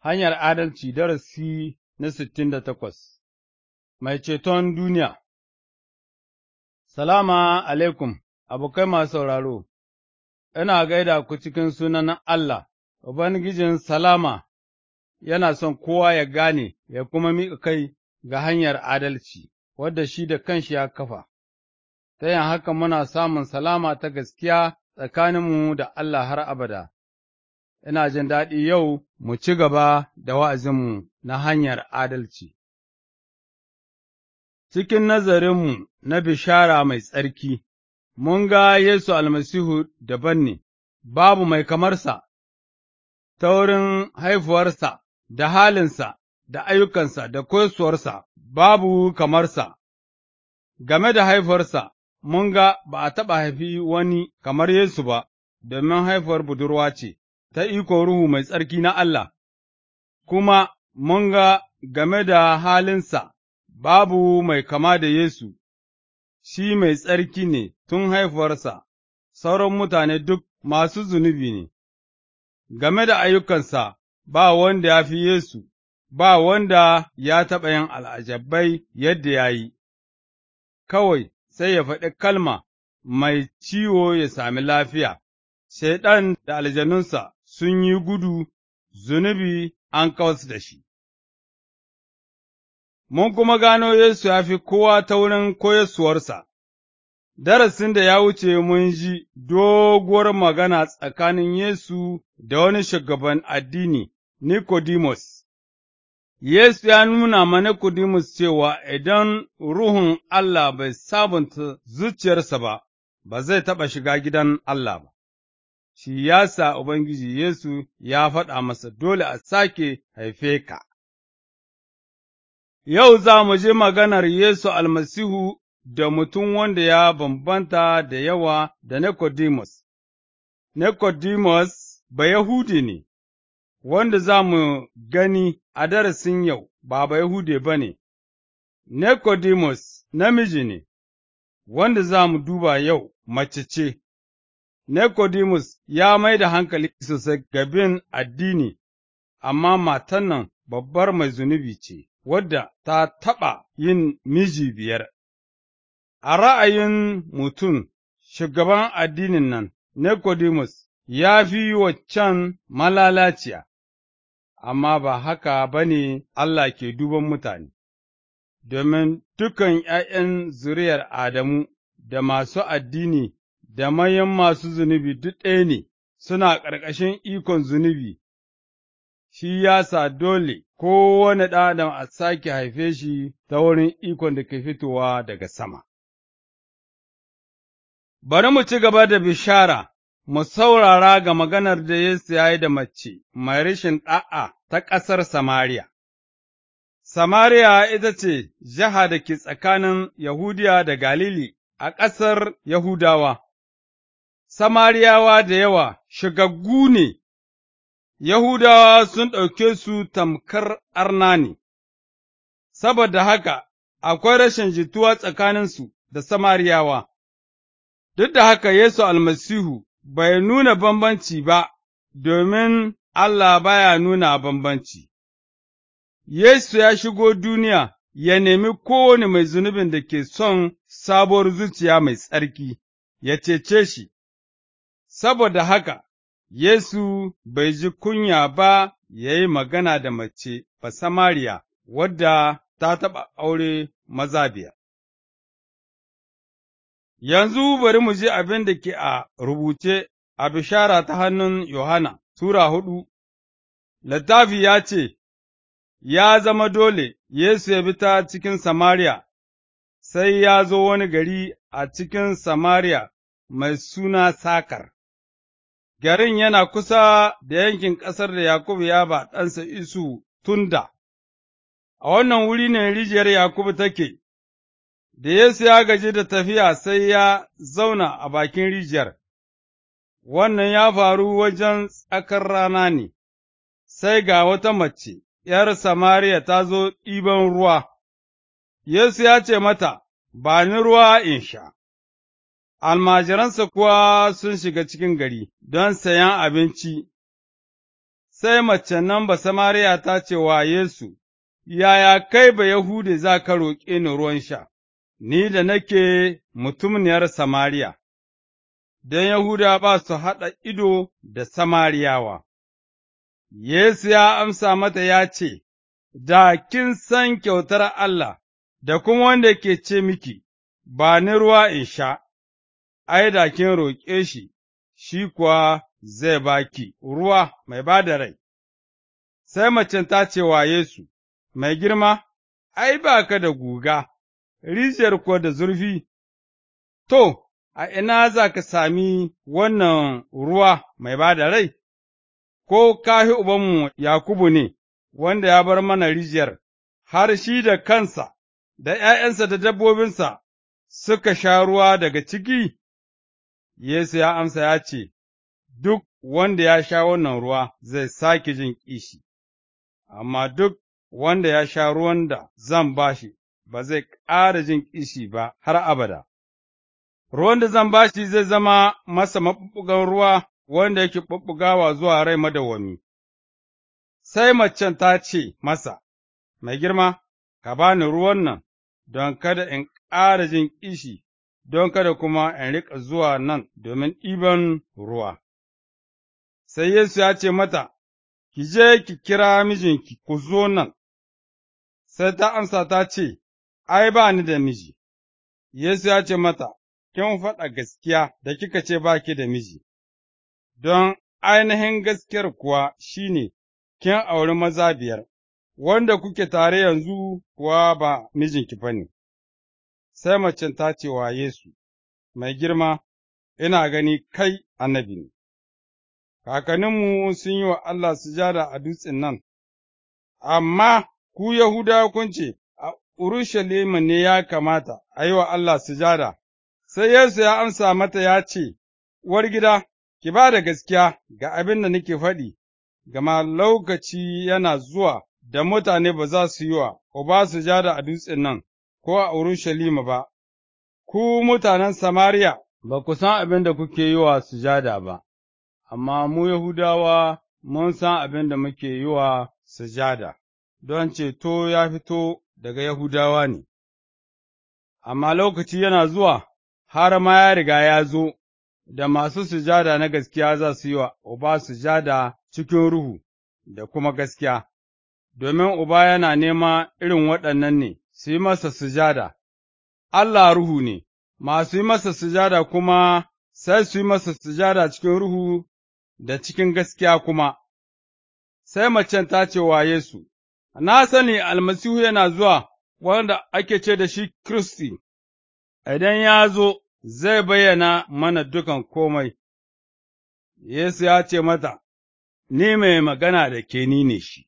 Hanyar Adalci darasi na sittin da takwas Mai ceton duniya Salama alaikum, abokai masu sauraro, ina gaida ku cikin sunan Allah, Ubangijin Salama yana son kowa ya gane ya kuma miƙa kai ga hanyar adalci, wadda shi da kanshi ya kafa, ta yin haka muna samun salama ta gaskiya tsakaninmu da Allah har abada. ina jin daɗi yau mu ci gaba da wa'azinmu na hanyar adalci. Cikin nazarinmu na bishara mai tsarki, mun ga Yesu almasihu daban ne, babu mai kamarsa, ta wurin haifuwarsa, da halinsa, da ayyukansa, da kosuwarsa, babu kamarsa. Game da haifuwarsa, mun ga ba a taɓa haifi wani kamar Yesu ba, domin haifuwar budurwa ce. ta iko Ruhu Mai Tsarki na Allah, kuma mun ga game da halinsa, babu mai kama da Yesu, shi mai tsarki ne tun haifuwarsa, sauran mutane duk masu zunubi ne, game da ayyukansa ba wanda ya fi Yesu, ba wanda ya taɓa yin al'ajabai yadda ya yi, kawai sai ya faɗi kalma mai ciwo ya sami lafiya, Shaiɗan da aljanunsa sun yi gudu, zunubi an kawas da shi. Mun kuma gano Yesu ya fi kowa ta wurin koyarsuwarsa, darasin da ya wuce mun ji doguwar magana tsakanin Yesu da wani shugaban addini, Nicodemus. Yesu ya nuna ma Nicodemus cewa idan Ruhun Allah bai sabunta zuciyarsa ba, ba zai taɓa shiga gidan Allah ba. shi yasa Ubangiji Yesu ya faɗa masa dole a sake haife ka. Yau za mu ji maganar Yesu almasihu da mutum wanda ya bambanta da yawa da Nicodemus. Nicodemus ba Yahudi ne, wanda za mu gani a darasin yau ba ba yahudi ba ne, Nicodemus namiji ne, wanda za mu duba yau mace ce. Nicodemus ya mai da hankali sosai ga bin addini, amma matan nan babbar mai zunubi ce, wadda ta taɓa yin miji biyar. A ra'ayin mutum, shugaban addinin nan, Nicodemus ya fi waccan malalaciya, amma ba haka ba ne Allah ke duban mutane, domin dukan ’ya'yan zuriyar Adamu da masu addini da manyan masu zunubi duk ɗaya ne, suna ƙarƙashin ikon zunubi, shi ya sa dole kowane ɗan a sake haife shi ta wurin ikon da ke fitowa daga sama. Bari mu ci gaba da bishara, mu saurara ga maganar da Yesu ya yi da mace mai rashin ɗa'a ta ƙasar Samariya. Samariya ita ce jiha da ke tsakanin Yahudiya da Galili a ƙasar Yahudawa, Samariyawa da yawa shigaggu ne, Yahudawa sun ɗauke su tamkar arna ne, saboda haka akwai rashin jituwa tsakaninsu da Samariyawa, duk da haka Yesu almasihu bai nuna bambanci ba, domin Allah baya nuna bambanci. Yesu ya shigo duniya ya nemi kowane mai zunubin da ke son sabuwar zuciya mai tsarki, ya cece shi. Saboda haka, Yesu bai ji kunya ba ya yi magana da mace ba Samariya wadda ta taɓa aure maza Yanzu bari mu ji abin da ke a rubuce a bishara ta hannun Yohana, Sura hudu, littafi ya ce, Ya zama dole Yesu ya bi ta cikin Samariya, sai ya zo wani gari a cikin Samariya mai suna Sakar. garin yana kusa da yankin ƙasar da Yakubu ya ba ɗansa Isu tunda, a wannan wuri ne rijiyar Yakubu take, da Yesu ya gaji da tafiya sai ya zauna a bakin rijiyar, wannan ya faru wajen tsakar rana ne, sai ga wata mace, ’yar Samariya ta zo ɗiban ruwa, Yesu ya ce mata, Ba ni ruwa in sha. almajiransa kuwa sun shiga cikin gari don sayan abinci, sai mace nan ba Samariya ta ce wa Yesu, Yaya kai ba Yahude za ka roƙe ni ruwan sha, ni da nake mutumniyar Samariya, don Yahuda ba su haɗa ido da Samariyawa. Yesu ya amsa mata ya ce, Da kin san kyautar Allah, da kuma wanda ke ce miki, ba ni ruwa in sha. ai, da kin roƙe shi, shi kuwa zai ba ki ruwa mai ba da rai. Sai macen ta ce wa Yesu, Mai girma, ai, ba ka da guga, rijiyar kuwa da zurfi, to, a ina za ka sami wannan ruwa mai ba da rai, ko kahi ubanmu Yakubu ne, wanda ya bar mana rijiyar, har shi da kansa, da ’ya'yansa da dabbobinsa suka sha ruwa daga ciki? Yesu ya amsa ya ce, Duk wanda ya sha wannan ruwa zai sake jin ƙishi, amma duk wanda ya sha ruwan da zan ba shi ba zai ƙara jin ƙishi ba har abada. Ruwan da zan ba shi zai zama masa maɓuɓɓugan ruwa wanda yake ɓuɓɓugawa zuwa rai madawwami. Sai macen ta ce masa, Mai girma, ka ba ni ruwan nan don kada in ƙara jin ƙishi don kada kuma in riƙa zuwa nan domin ɗiban ruwa. Sai Yesu ya ce mata, Ki je ki kira mijinki ku zo nan, sai ta amsa ta ce, Ai, ba ni da miji, Yesu ya ce mata, Kin faɗa gaskiya da kika ce ba ki da miji, don ainihin gaskiyar kuwa shi ne, kin auri maza biyar, wanda kuke tare yanzu kuwa ba mijinki ba ne. sai macen ta ce wa Yesu, Mai girma, ina gani kai annabi ne, kakanninmu sun yi wa Allah sujada a dutsen nan, amma ku Yahuda kun ce, a Urushalima ne ya kamata a yi wa Allah sujada, sai Yesu ya amsa mata ya ce, Uwar gida, ki ba da gaskiya ga abin da nake faɗi, gama lokaci yana zuwa da mutane ba za su yi wa su sujada a dutsen nan. ko a Urushalima ba, ku mutanen Samariya ba ku san abin da kuke yi wa sujada ba, amma mu Yahudawa mun san abin da muke yi wa sujada, don ceto ya fito daga Yahudawa ne, amma lokaci yana zuwa har ma ya riga ya zo da masu sujada na gaskiya za su yi wa Uba sujada cikin ruhu da kuma gaskiya, domin Uba yana nema irin waɗannan ne. su yi masa sujada, Allah ruhu ne, masu yi masa sujada kuma sai su yi masa sujada cikin ruhu da cikin gaskiya kuma, sai macen ta ce wa Yesu, Na sani almasihu yana zuwa wanda ake ce da shi Kristi. idan ya zo zai bayyana mana dukan komai, Yesu ya ce mata, Ni mai magana da ke ni ne shi.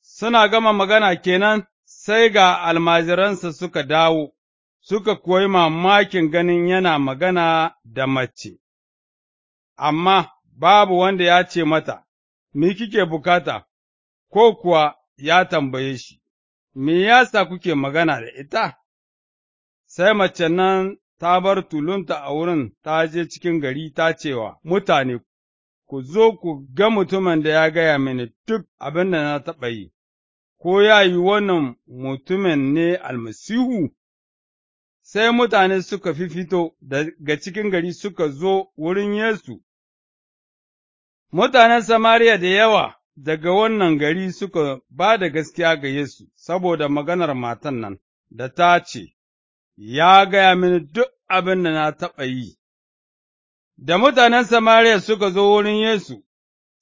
Suna gama magana kenan sai ga almajiransa suka dawo, suka koyi mamakin ganin yana magana da mace, amma babu wanda ya ce mata, Mi kike bukata, ko kuwa ya tambaye shi, Me yasa kuke magana da ita? Sai mace nan ta bar tulunta a wurin ta je cikin gari ta cewa mutane, Ku zo ku ga mutumin da ya gaya mini duk abin da na taɓa yi. ko ya yi wannan mutumin ne almasihu? Sai mutane suka fi fito daga cikin gari suka zo wurin Yesu, mutanen Samariya da yawa daga wannan gari suka ba da gaskiya ga Yesu saboda maganar matan nan da ta ce, Ya gaya mini duk abin da na taɓa yi. Da mutanen Samariya suka zo wurin Yesu,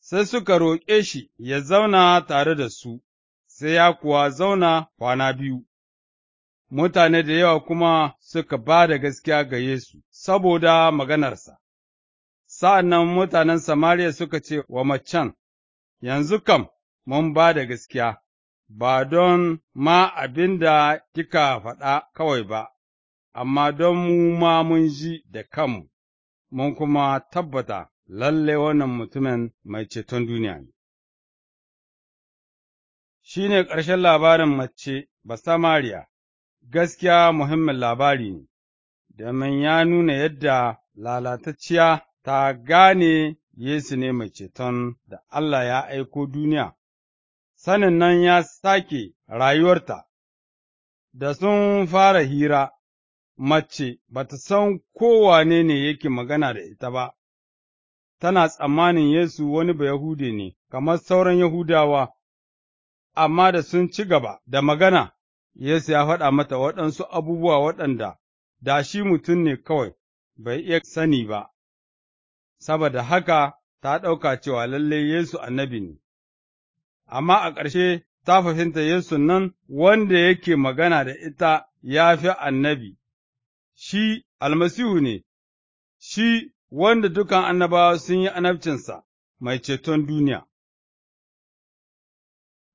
sai suka roƙe shi ya zauna tare da su, sai ya kuwa zauna kwana biyu. Mutane da yawa kuma suka ba da gaskiya ga Yesu saboda maganarsa. Sa'an nan mutanen Samariya suka ce wa macen, Yanzu kam mun ba da gaskiya, ba don ma abin da kika faɗa kawai ba, amma don mu ma mun ji da kanmu, mun kuma tabbata lalle wannan mutumin mai ceton duniya ne. shi ne ƙarshen labarin mace ba samariya, gaskiya muhimmin labari ne, domin ya nuna yadda lalatacciya ta gane Yesu ne mai ceton da Allah ya aiko duniya, sanin nan ya sake rayuwarta, da sun fara hira, mace ba ta san kowane ne yake magana da ita ba, tana tsammanin Yesu wani yahudi ne, kamar sauran Yahudawa. amma da sun ci gaba da magana, Yesu ya faɗa mata waɗansu abubuwa waɗanda da shi mutum ne kawai bai iya sani ba, saboda haka ta ɗauka cewa lallai Yesu annabi ne, amma a ƙarshe ta fahimta Yesu nan wanda yake magana da ita ya fi annabi, shi almasihu ne, shi wanda dukan annabawa sun yi annabcinsa mai ceton duniya.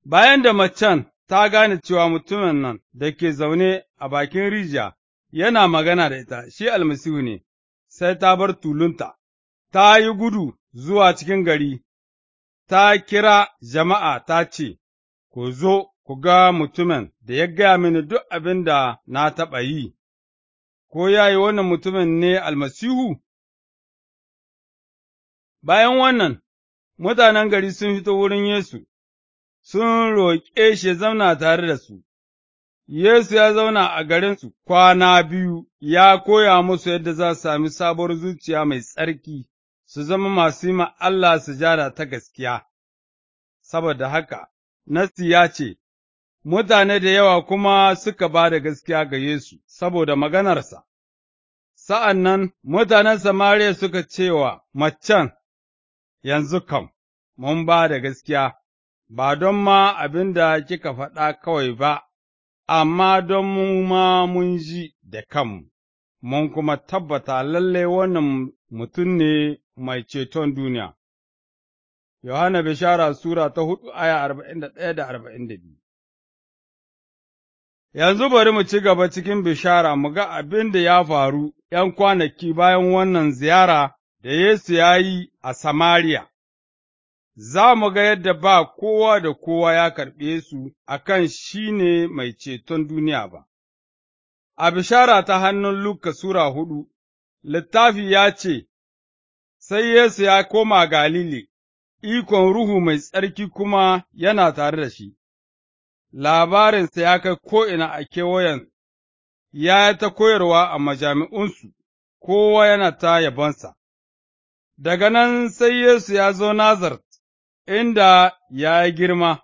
Bayan da macen ta gane cewa mutumin nan da ke zaune a bakin rijiya yana magana da ita, shi almasihu ne, sai ta bar tulunta, ta yi gudu zuwa cikin gari, ta kira jama'a ta ce, Ku zo ku ga mutumin da ya gaya mini duk abin da na taɓa yi, ko ya yi wannan mutumin ne almasihu? Bayan wannan, mutanen gari sun fito wurin Yesu, sun roƙe shi ya zauna tare da su. Yesu ya zauna a garinsu kwana biyu, ya koya musu yadda za su sami sabuwar zuciya mai tsarki, su zama masu yi Allah sujada ta gaskiya. Saboda haka, Nassi ya ce, Mutane da yawa kuma suka ba da gaskiya ga Yesu saboda maganarsa, sa'an nan mutanen Samariya suka cewa macen, Yanzu kam, mun ba da gaskiya ba don ma abin da kika faɗa kawai ba, amma don mu ma mun ji da kanmu, mun kuma tabbata lalle wannan mutum ne mai ceton duniya. Yohana Bishara Sura ta hudu aya arba'in da ɗaya da arba'in da biyu Yanzu bari mu ci gaba cikin bishara mu ga abin da ya faru ’yan kwanaki bayan wannan ziyara da Yesu ya yi a Samariya. za mu ga yadda ba kowa da kowa ya karɓe su a kan shi ne mai ceton duniya ba. A bishara ta hannun Luka Sura hudu, littafi ya ce, Sai Yesu ya koma Galili, ikon Ruhu mai tsarki kuma yana tare da shi, labarinsa ya kai ko'ina a kewayen, ya yi ta koyarwa a majami'unsu, kowa yana ta yabonsa. Daga nan sai Yesu ya zo Nazar inda ya yi girma,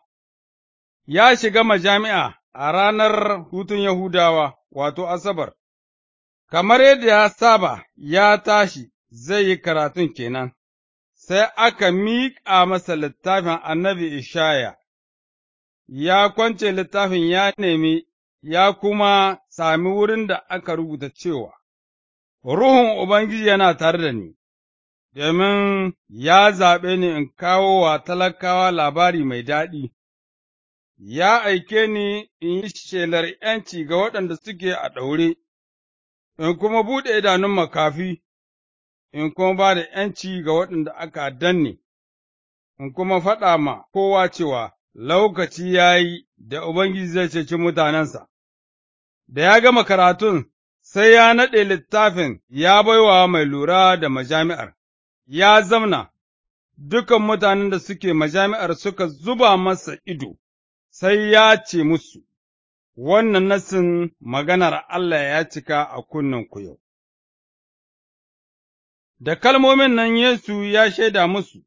ya shiga majami'a a ranar hutun Yahudawa, wato Asabar, kamar yadda ya saba ya tashi zai yi karatun kenan, sai aka miƙa masa littafin annabi Ishaya, ya kwance littafin ya nemi ya kuma sami wurin da aka rubuta cewa, Ruhun Ubangiji yana tare da ni, domin ya zaɓe ni in kawo wa talakawa labari mai daɗi, ya aike ni in yi shelar ’yanci ga waɗanda suke a ɗaure, in kuma buɗe idanun makafi, in kuma ba da ’yanci ga waɗanda aka danne, in kuma faɗa ma kowa cewa lokaci ya yi da Ubangiji zai ceci mutanensa. Da ya gama karatun, sai ya naɗe littafin ya baiwa mai lura da majami'ar. ya zamna, dukan mutanen da suke majami'ar suka zuba masa ido, sai ya ce musu, Wannan nasin maganar Allah ya cika a kunnenku yau. Da kalmomin nan Yesu ya shaida musu,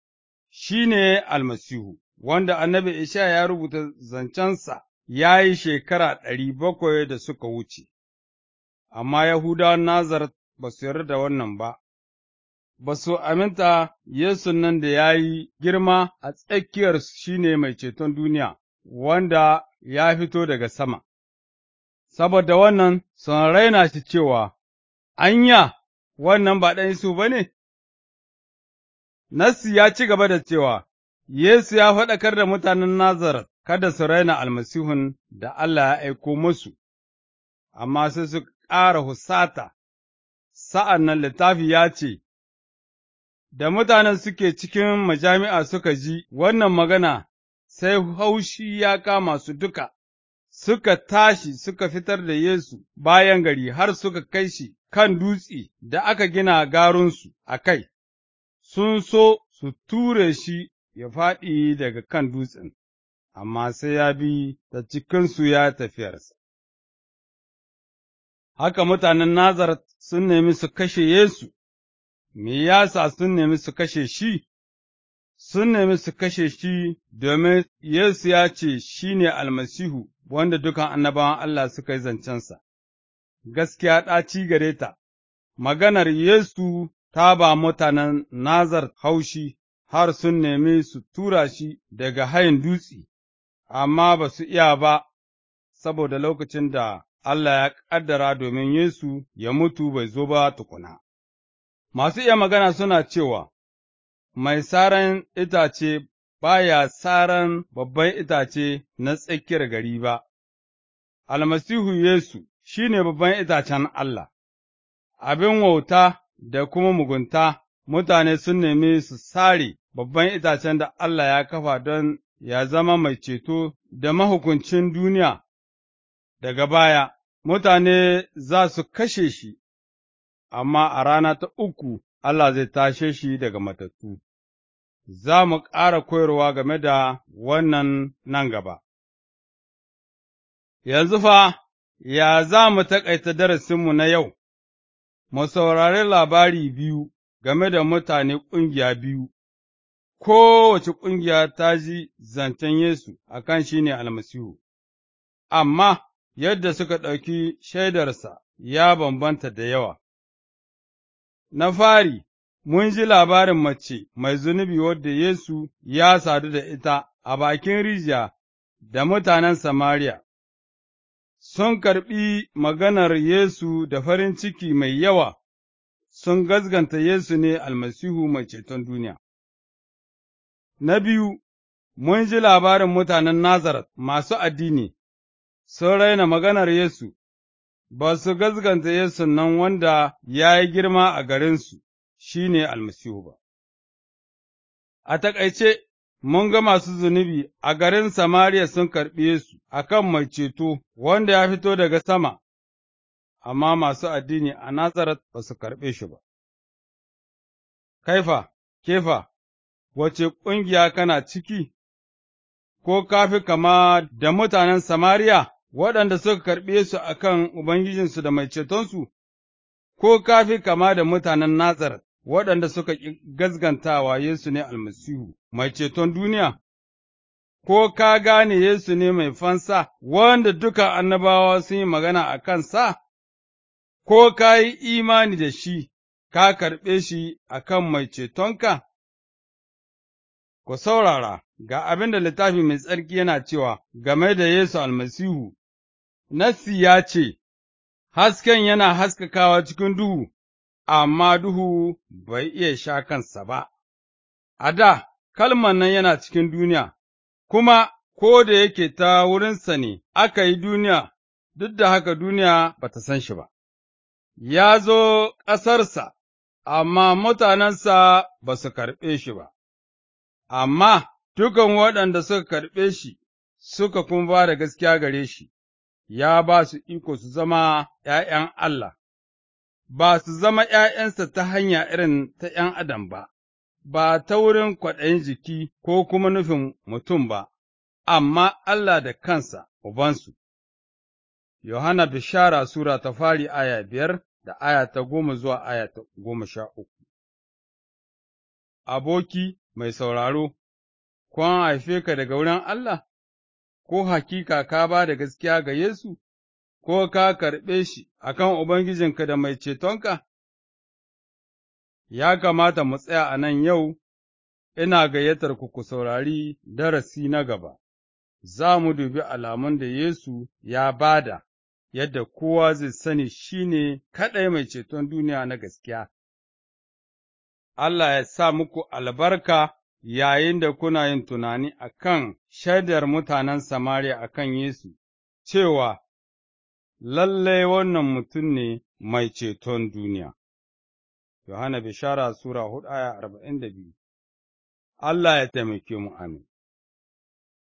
shi ne almasihu, wanda annabi Isha ya rubuta zancensa ya yi shekara ɗari bakwai da suka wuce, amma Yahudawan Nazar ba su yarda da wannan ba, ba su aminta Yesu nan da ya yi girma a tsakiyarsu shi ne mai ceton duniya, wanda ya fito daga sama. Saboda wannan sun raina shi cewa, Anya, wannan ba ɗan su ba ne? Nassi ya ci gaba da cewa, Yesu ya faɗakar da mutanen Nazaret kada su raina almasihun da Allah ya aiko musu, amma sai su ƙara husata, sa'an nan littafi ya ce, Da mutanen suke cikin majami'a suka ji wannan magana, sai haushi ya kama su duka, suka tashi suka fitar da Yesu bayan gari har suka kai shi kan dutse da aka gina garunsu a kai, sun so su ture shi ya faɗi daga kan dutsen, amma sai ya bi da cikinsu ya tafiyarsa. Haka mutanen Nazaret sun nemi su kashe Yesu. me yasa sun nemi su kashe shi? Sun nemi su kashe shi domin Yesu ya ce shi ne almasihu wanda dukan annabawan Allah suka yi zancensa, gaskiya ɗaci gare ta, maganar Yesu ta ba mutanen Nazar haushi har sun nemi su tura shi daga hayin dutse, amma ba su iya ba, saboda lokacin da Allah ya ƙaddara domin Yesu ya mutu bai zo ba tukuna. Masu iya magana suna cewa, Mai saran itace ba ya saran babban itace na tsakiyar gari ba, almasihu Yesu shi ne babban itacen Allah, abin wauta da kuma mugunta mutane sun nemi su sare babban itacen da Allah ya kafa don ya zama mai ceto da mahukuncin duniya, daga baya mutane za su kashe shi amma a rana ta uku Allah zai tashe shi daga matattu. Za mu ƙara koyarwa game da wannan nan gaba. Yanzu fa, ya za mu taƙaita darasinmu na yau, mu saurari labari biyu game da mutane ƙungiya biyu, kowace ƙungiya ta ji zancen Yesu a kan shi ne almasihu, amma yadda suka ɗauki shaidarsa ya bambanta da yawa. Na fari, mun ji labarin mace mai zunubi wadda Yesu ya sadu da ita a bakin rijiya da mutanen Samariya, sun karɓi maganar Yesu da farin ciki mai yawa, sun gazganta Yesu ne almasihu mai ceton duniya. Na biyu, mun ji labarin mutanen Nazaret masu addini, sun raina maganar Yesu, ba su gaskanta Yesu nan wanda ya yi girma a garinsu shi ne almasihu ba. A taƙaice, mun ga masu zunubi a garin Samariya sun karɓi su a kan mai ceto wanda ya fito daga sama, amma masu addini a Nazaret ba su karɓe shi ba. Kaifa, kefa, wace ƙungiya kana ciki, ko kafi kama da mutanen Samariya? waɗanda suka karɓe su a kan Ubangijinsu da Mai Cetonsu, ko kafi kama da mutanen Nazar waɗanda suka ƙi gazgantawa Yesu ne almasihu, Mai Ceton duniya, ko ka gane Yesu ne mai fansa wanda duka annabawa sun yi magana a kansa, ko ka yi imani da shi, ka karɓe shi a kan Mai Cetonka? Ku saurara, ga abin da littafi mai tsarki yana cewa game da Yesu almasihu. Nasi ya ce, Hasken yana haskakawa cikin duhu, amma duhu bai iya sha kansa ba, a da kalman nan yana cikin duniya, kuma ko da yake ta wurinsa ne aka yi duniya, duk da haka duniya ba ta san shi ba, ya zo ƙasarsa, amma mutanensa ba su karɓe shi ba, amma dukan waɗanda suka karɓe shi suka kuma ba da gaskiya gare shi, ya ba su iko su zama ’ya'yan Allah, ba su zama ’ya'yansa ta hanya irin ta ’yan adam ba, ba ta wurin kwaɗayin jiki ko kuma nufin mutum ba, amma Allah da kansa, Ubansu. Yohana Bishara Sura ta fari aya biyar da aya ta goma zuwa aya ta goma sha uku. Aboki mai sauraro, kun haife ka daga wurin Allah? ko hakika ka ba da gaskiya ga Yesu, ko ka karɓe shi a kan Ubangijinka da Mai Cetonka? Ya kamata mu tsaya a nan yau, ina gayyatar ku ku saurari darasi na gaba, za mu dubi alamun da Yesu ya bada, yadda kowa zai sani shi ne kaɗai Mai Ceton duniya na gaskiya. Allah ya sa muku albarka. Yayin da kuna yin tunani a kan shaidar mutanen Samariya a kan Yesu, cewa lalle wannan mutum ne mai ceton duniya. Yohana Bishara Sura hudu aya arba'in da biyu Allah ya taimake mu amin.